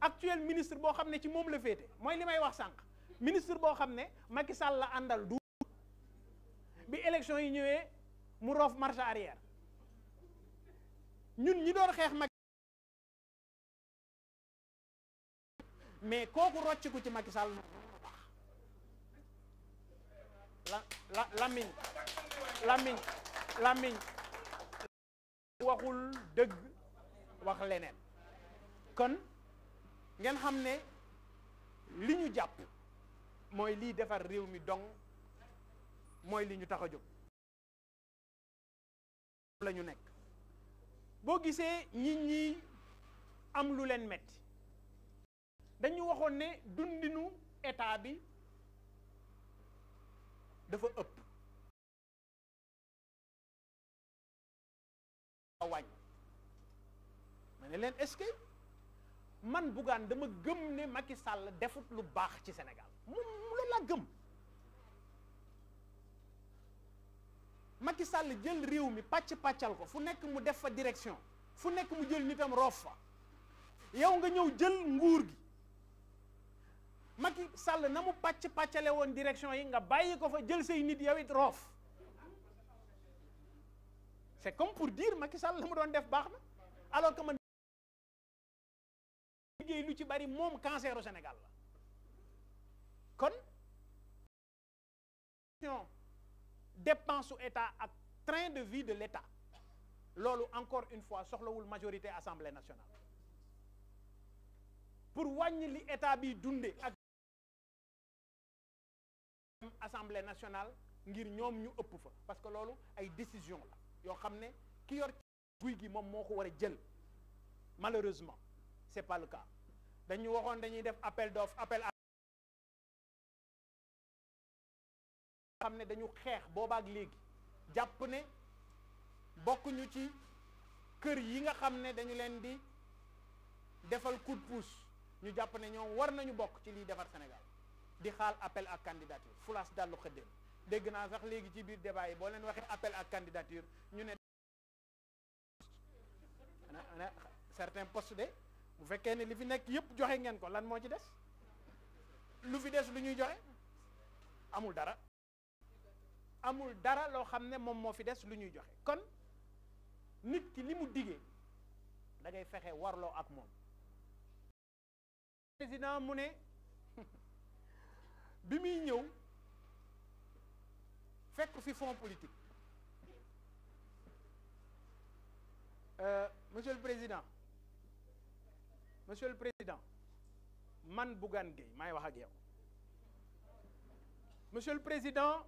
actuel ministre boo xam ne ci moom la féete mooy li may wax sànq ministre boo xam ne Macky Sall la àndal du bi élection yi ñëwee mu roof marche arrière ñun ñi doon xeex Macky mais kooku rocc ci Macky Sall la la lamiñ lamiñ lamiñ waxul dëgg wax leneen kon ngeen xam ne li ñu jàpp mooy liy defar réew mi dong mooy li ñu tax a jóg la ñu nekk boo gisee nit ñi am lu leen metti dañu waxoon ne dundinu etaa bi dafa ëpp wàññ ma ne leen est-ce man Bougane dama gëm ne makki sàll defut lu baax ci Sénégal moom loolu laa gëm Macky Sall jël réew mi pàcc-pàccal ko fu nekk mu def fa direction fu nekk mu jël nitam roof fa yow nga ñëw jël nguur gi Macky Sall na mu pàcc-pàccale woon direction yi nga bàyyi ko fa jël say nit yow it roof c'est comme pour dire Macky Sall la mu doon def baax ma alors que man liggéey lu ci bari moom cancer au Sénégal la kon su état ak train de vie de l'état loolu encore une fois soxlawul majorité assemblée nationale pour wàññi li état bi dunde ak assemblée nationale ngir ñoom ñu ëpp fa parce que loolu ay décision la yoo xam ne ki yor guy gi moom moo ko war a jël malheureusement c'est pas dañu waxoon dañuy def appel d'offre appel à xam ne dañu xeex boobaak léegi jàpp ne bokkuñu ci kër yi nga xam ne dañu leen di defal coup de ñu jàpp ne ñoom war nañu bokk ci liy defar Sénégal di xaal appel à candidature fulaas dallu xëddéen dégg naa sax léegi ci biir débat yi boo leen waxee appel à candidature ñu ne certains postes de bu fekkee ne li fi nekk yëpp joxe ngeen ko lan moo ci des lu fi des lu ñuy joxe amul dara amul dara loo xam ne moom moo fi des lu ñuy joxe kon nit ki li mu diggee da ngay fexe warloo ak moom président mu ne bi muy ñëw fekk fi fonds politique euh, monsieur le président monsieur le président man Bougane Gueye maay wax a yow monsieur le président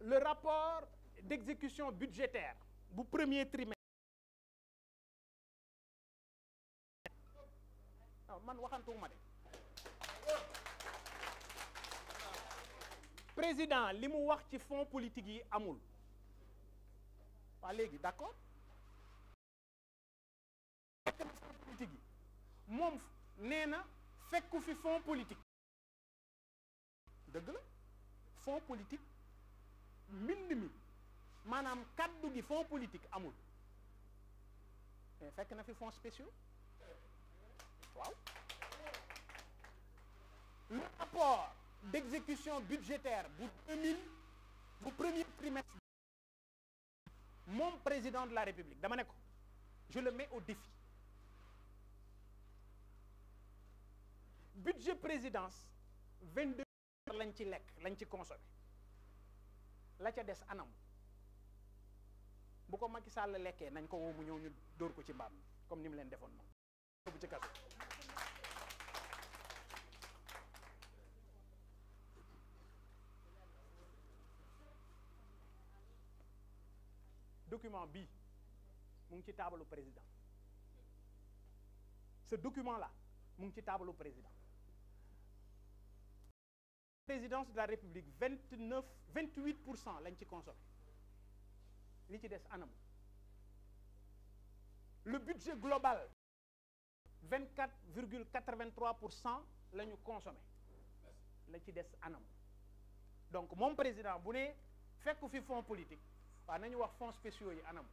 le rapport d'exécution budgétaire bu premier trimestre man waxantuma de président li mu wax ci fonds politique yi amul waa léegi d'accord fekk na politique yi moom nee na fekku fi fonds politique dëgg la fonds politique mbind mi maanaam kaddu gi fonds politique amul mais fekk na fi fonds spéciaux waaw le rapport d'exécution budgétaire bu 2000 bu premier trimestre moom président de la république dama ne ko je le mets au défi budget présidence vingt deux lañ ci lekk lañ ci consommé la ca des anam bu ko Macky Sall lekkee nañ ko woo mu ñëw ñu dóor ko ci mbaam comme ni leen defoon moom bu ci kaso document mu ngi ci taabalu président ce document la mu ngi ci taabalu président présidence de la république vingt neuf vingt huit pour cent lañ ci consommé li ci des anam le budget global vingt quatre virgule quatre vingt trois pour cent la ñu consommé la ci des anam donc moom président bu ne fekk fi fonds politique waaw nañu wax fonds spéciaux yi anam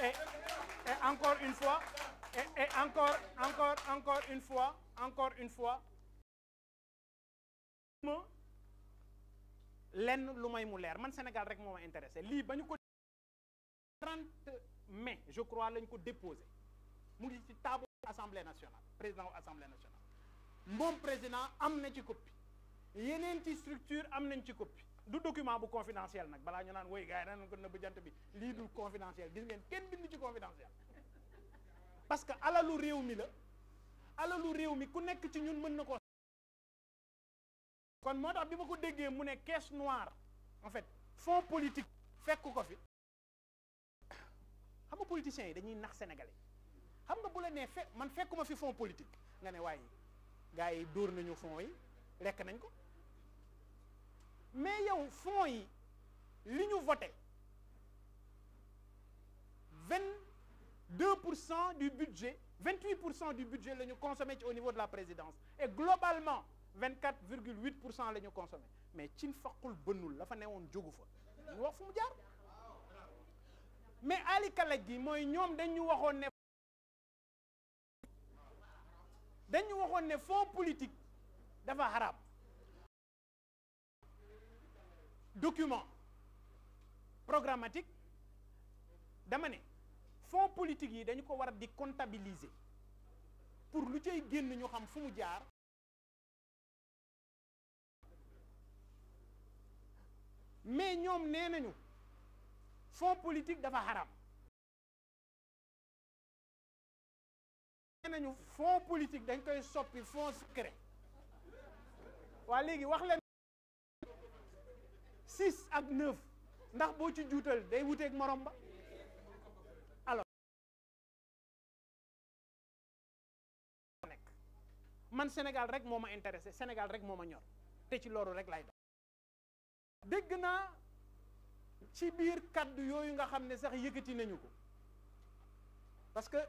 et et encore une fois et, et encore, encore, encore une fois, encore une fois ma lenn lu may mu leer man Sénégal rek moom ma intéressé lii ba ñu ko 30 mai je crois lañ ko déposé mu ngi ci table assemblée nationale président wu assemblée nationale moom président am na ci copie yeneen ci structure am na nañ ci copie du document bu confidentiel nag balaa ñu naan woy gars yi nan ko nëbb jant bi lii du confidentiel gis ngeen kenn bind ci confidentiel parce que alalu réew mi la alalu réew mi ku nekk ci ñun mën na ko kon moo tax bi ma ko déggee mu ne caisse noire en fait fonds politique fekk ko fi xam nga politiciens yi dañuy nax sénégalais xam nga bu la nee fe man fekkuma fi fonds politique nga ne waaye gars yi dóor nañu fonds yi lekk nañ ko mais yow fonds yi li ñu voté deux pour cent du budget 28 pour cent du budget la ñu consommé ci au niveau de la présidence et globalement 24 virgule 8 pour cent la ñu consommé mais cin faqul bënnul la fa newoon jógu fa ñu wax fu mu jaar mais ali kalaj gi mooy ñoom dañu waxoon ne dañu waxoon ne fonds politik dafa xaraam document programmatique dama ne fonds politique yi dañu ko war di comptabiliser pour lu cay génn ñu xam fu mu jaar mais ñoom nee nañu fonds politique dafa xaram nee nañu fonds politique dañ koy soppi fonds secret waa léegi wax leen six ak neuf ndax boo ci juutal day wuteeg morom ba man Sénégal rek moo ma intéressé Sénégal rek moo ma ñor te ci loolu rek lay dox dégg naa ci biir kàddu yooyu nga xam ne sax yëkkati nañu ko parce